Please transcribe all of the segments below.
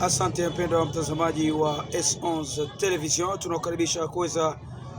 Asante mpendo wa mtazamaji wa S11 Television, tunakukaribisha kuweza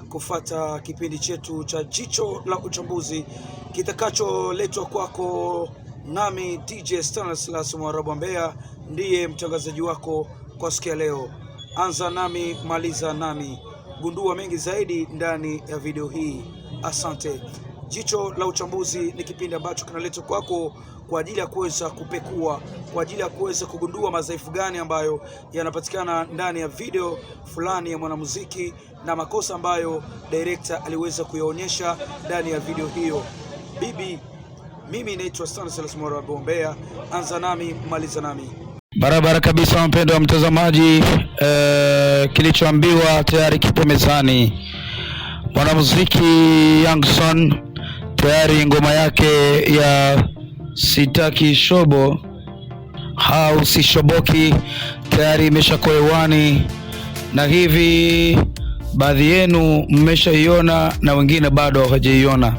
kufata kipindi chetu cha jicho la uchambuzi kitakacholetwa kwako nami DJ Stanislas Mwarabu Mbeya ndiye mtangazaji wako kwa siku ya leo. Anza nami maliza nami, gundua mengi zaidi ndani ya video hii. Asante. Jicho la uchambuzi ni kipindi ambacho kinaletwa kwako kwa ajili ya kuweza kupekua, kwa ajili ya kuweza kugundua madhaifu gani ambayo yanapatikana ndani ya video fulani ya mwanamuziki na makosa ambayo director aliweza kuyaonyesha ndani ya video hiyo. Bibi, mimi naitwa Stanislas Mwara Bombea. Anza nami maliza nami, barabara kabisa, mpendo wa mtazamaji. E, kilichoambiwa tayari kipo mezani. Mwanamuziki Youngson tayari ngoma yake ya Sitaki shobo au sishoboki, tayari imeshakoewani na hivi baadhi yenu mmeshaiona na wengine bado hawajaiona.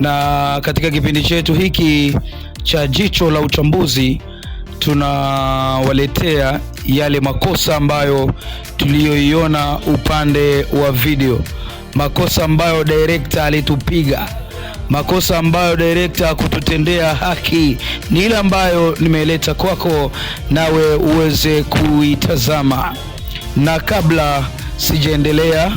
Na katika kipindi chetu hiki cha jicho la uchambuzi, tunawaletea yale makosa ambayo tuliyoiona upande wa video, makosa ambayo director alitupiga Makosa ambayo direkta kututendea haki ni ile ambayo nimeleta kwako, nawe uweze kuitazama. Na kabla sijaendelea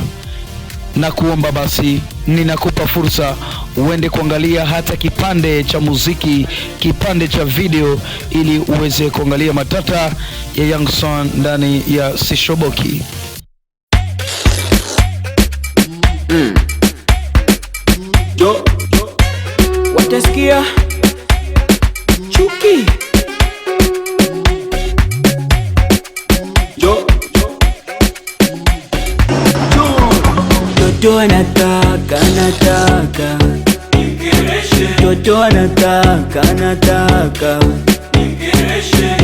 na kuomba basi, ninakupa fursa uende kuangalia hata kipande cha muziki, kipande cha video, ili uweze kuangalia matata ya youngson ndani ya Sishoboki. mtoto anataka anataka mtoto anataka anataka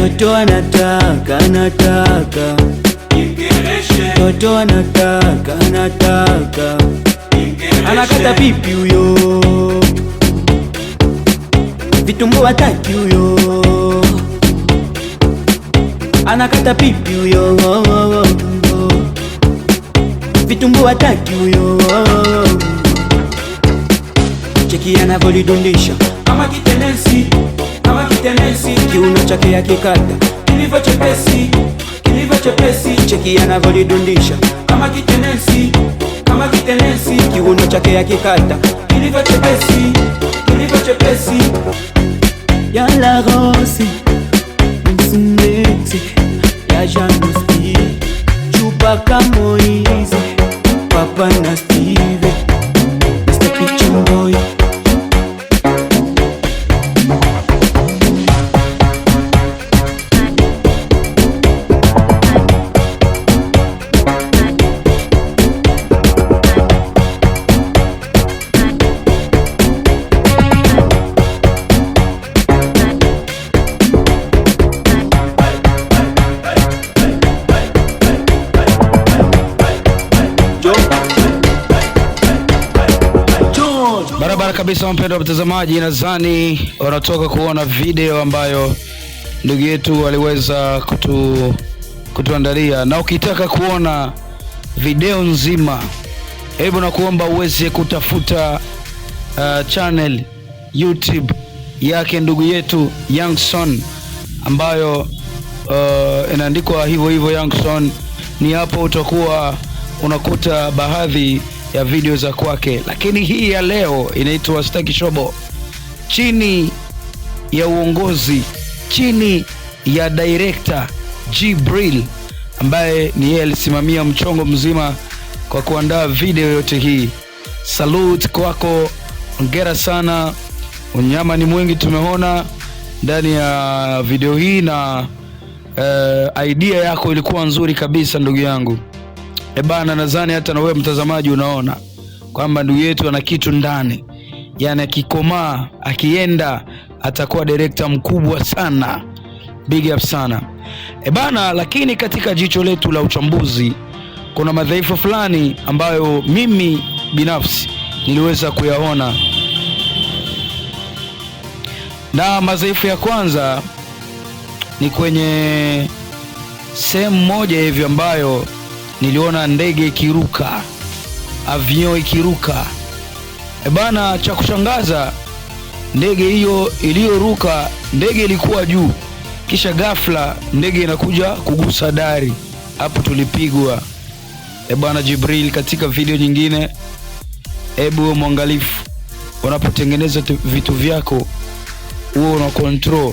mtoto anataka anataka mtoto anataka anataka Anakata pipi huyo, vitumbua hataki huyo, anakata pipi huyo oh, oh, oh vitumbu hataki huyo, cheki anavyolidondesha kama kitenesi, kama kitenesi, kiuno chake akikata kilivyo chepesi, kilivyo chepesi, cheki anavyolidondesha kama kitenesi, kama kitenesi, kiuno chake akikata kilivyo chepesi, kilivyo chepesi, ya la rose msimeti ya jano kabisa, mpendo wa mtazamaji, nadhani wanatoka kuona video ambayo ndugu yetu aliweza kutu, kutuandalia, na ukitaka kuona video nzima, hebu na kuomba uweze kutafuta uh, channel YouTube yake ndugu yetu Youngson ambayo uh, inaandikwa hivyo hivyo Youngson. ni hapo utakuwa unakuta baadhi ya video za kwake, lakini hii ya leo inaitwa Staki Shobo, chini ya uongozi, chini ya director Jibril ambaye ni yeye alisimamia mchongo mzima kwa kuandaa video yote hii. Salute kwako, ongera sana. Unyama ni mwingi tumeona ndani ya video hii na uh, idea yako ilikuwa nzuri kabisa ndugu yangu. E bana, nadhani hata na wewe mtazamaji unaona kwamba ndugu yetu ana kitu ndani, yaani akikomaa, akienda atakuwa direkta mkubwa sana. Big up sana e bana. Lakini katika jicho letu la uchambuzi, kuna madhaifu fulani ambayo mimi binafsi niliweza kuyaona, na madhaifu ya kwanza ni kwenye sehemu moja hivi ambayo niliona ndege ikiruka, avion ikiruka. E bana, cha kushangaza, ndege hiyo iliyoruka, ndege ilikuwa juu, kisha ghafla ndege inakuja kugusa dari. Hapo tulipigwa e bana. Jibril, katika video nyingine, hebu mwangalifu unapotengeneza vitu vyako, huo una control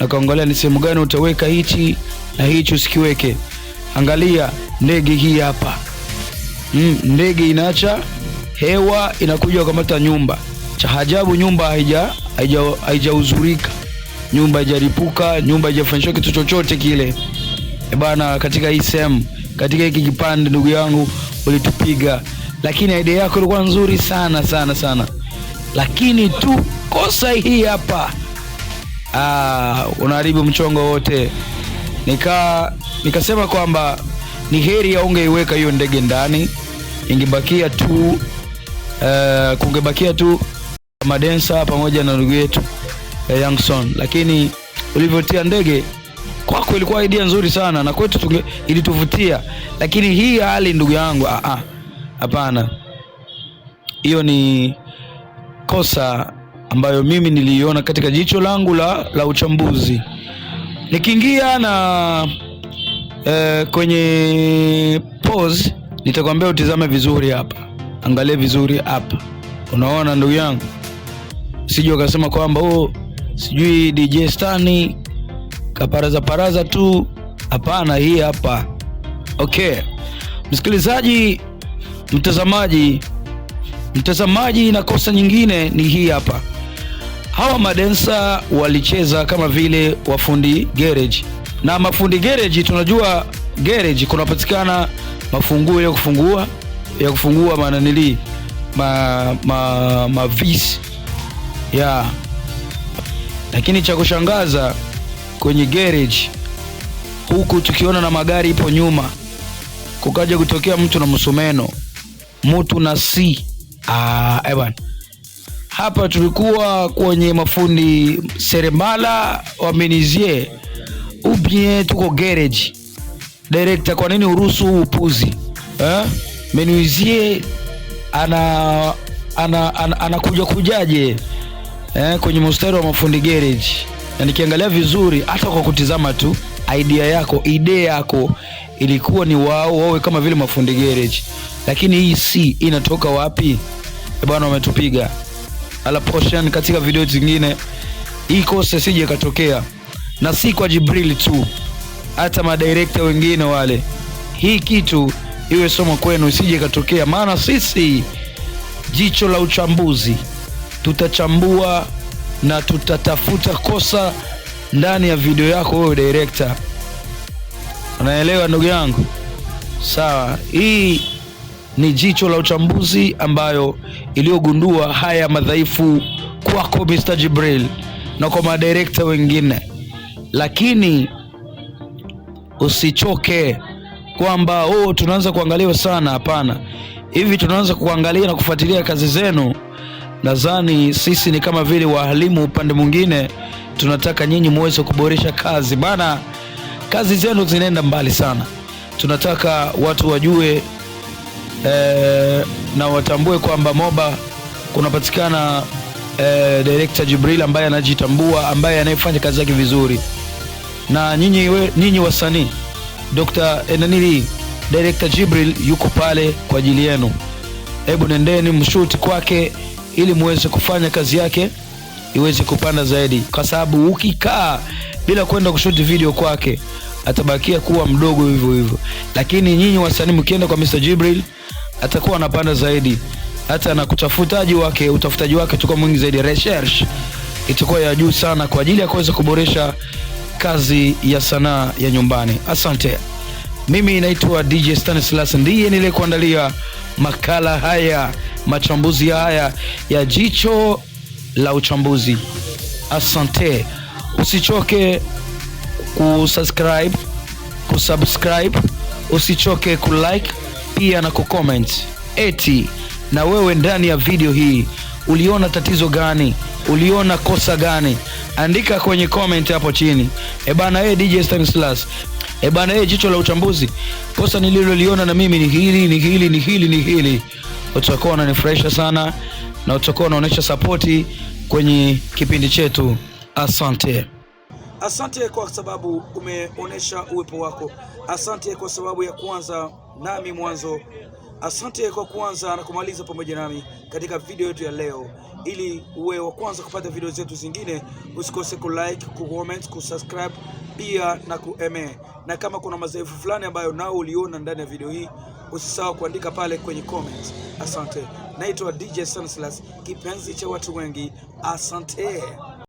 na kaangalia ni sehemu gani utaweka hichi na hichi usikiweke. Angalia ndege hii hapa mm, ndege inaacha hewa inakuja kukamata nyumba. Cha ajabu nyumba haija haijauzurika, nyumba haijaripuka, nyumba haijafanyishwa kitu chochote kile. E bana, katika hii sehemu, katika hiki kipande, ndugu yangu, ulitupiga, lakini idea yako ilikuwa nzuri sana sana sana, lakini tu kosa hii hapa, ah, unaharibu mchongo wote nikaa nikasema kwamba ni heri aungeiweka hiyo ndege ndani, ingebakia tu uh, kungebakia tu Madensa pamoja na ndugu yetu uh, eh, Youngson, lakini ulivyotia ndege kwako ilikuwa idea nzuri sana na kwetu ilituvutia, lakini hii hali ndugu yangu, ah, ah, hapana, hiyo ni kosa ambayo mimi niliiona katika jicho langu la, la uchambuzi nikiingia na eh, kwenye pause nitakwambia utizame vizuri hapa, angalia vizuri hapa. Unaona ndugu yangu, sije ukasema kwamba oh, sijui DJ Stani kaparaza paraza tu. Hapana, hii hapa. Okay, msikilizaji, mtazamaji, mtazamaji na kosa nyingine ni hii hapa. Hawa madensa walicheza kama vile wafundi garage na mafundi gereji, tunajua garage kunapatikana mafunguo ya kufungua ya kufungua mananili ma, ma, ma visi ya, lakini cha kushangaza kwenye gereji huku tukiona na magari ipo nyuma, kukaja kutokea mtu na msumeno, mtu na si ah, evan eh, hapa tulikuwa kwenye mafundi seremala menizier nyie tuko garage. Director, kwa nini urusu huu upuzi eh? Menuizie ana ana anakuja ana kujaje eh, kwenye mustari wa mafundi garage, na nikiangalia vizuri hata kwa kutizama tu idea yako idea yako ilikuwa ni wao wawe kama vile mafundi garage, lakini hii si inatoka wapi eh, bwana? Wametupiga ala portion katika video zingine, hii kosa sije katokea na si kwa Jibril tu, hata madirekta wengine wale. Hii kitu iwe somo kwenu, isije ikatokea, maana sisi jicho la uchambuzi tutachambua na tutatafuta kosa ndani ya video yako wewe director. Unaelewa ndugu yangu? Sawa, hii ni jicho la uchambuzi ambayo iliyogundua haya madhaifu kwako Mr. Jibril na kwa madirekta wengine lakini usichoke kwamba oh, tunaanza kuangaliwa sana. Hapana, hivi tunaanza kuangalia na kufuatilia kazi zenu. Nadhani sisi ni kama vile waalimu, upande mwingine tunataka nyinyi muweze kuboresha kazi bana, kazi zenu zinaenda mbali sana. Tunataka watu wajue eh, na watambue kwamba Moba kunapatikana eh, director Jibril ambaye anajitambua, ambaye anayefanya kazi yake vizuri na nyinyi nyinyi wasanii, Dr. Enanili Director Jibril yuko pale kwa ajili yenu. Hebu nendeni mshuti kwake ili muweze kufanya kazi yake iweze kupanda zaidi, kwa sababu ukikaa bila kwenda kushuti video kwake atabakia kuwa mdogo hivyo hivyo, lakini nyinyi wasanii mkienda kwa Mr. Jibril atakuwa anapanda zaidi, hata na kutafutaji wake utafutaji wake utakuwa mwingi zaidi, research itakuwa ya juu sana kwa ajili ya kuweza kuboresha kazi ya sanaa ya nyumbani. Asante. Mimi naitwa DJ Stanislas, ndiye niliyekuandalia makala haya, machambuzi haya ya jicho la uchambuzi. Asante, usichoke kusubscribe, kusubscribe, usichoke kulike pia na kucomment. Eti na wewe ndani ya video hii uliona tatizo gani? Uliona kosa gani? Andika kwenye comment hapo chini. Ebana e DJ Stanislas, ebana e jicho la uchambuzi, kosa nililoliona na mimi ni hili, ni hili, ni hili, ni hili. Utakuwa unanifurahisha sana na utakuwa unaonyesha sapoti kwenye kipindi chetu. Asante. Asante kwa sababu umeonyesha uwepo wako. Asante kwa sababu ya kuanza nami mwanzo Asante kwa kuanza na kumaliza pamoja nami katika video yetu ya leo. Ili uwe wa kwanza kupata video zetu zingine, usikose ku like, ku comment, ku subscribe pia na kueme, na kama kuna madhaifu fulani ambayo nao uliona ndani ya video hii, usisahau kuandika pale kwenye comment. Asante. Naitwa DJ Stanislas, kipenzi cha watu wengi. Asante.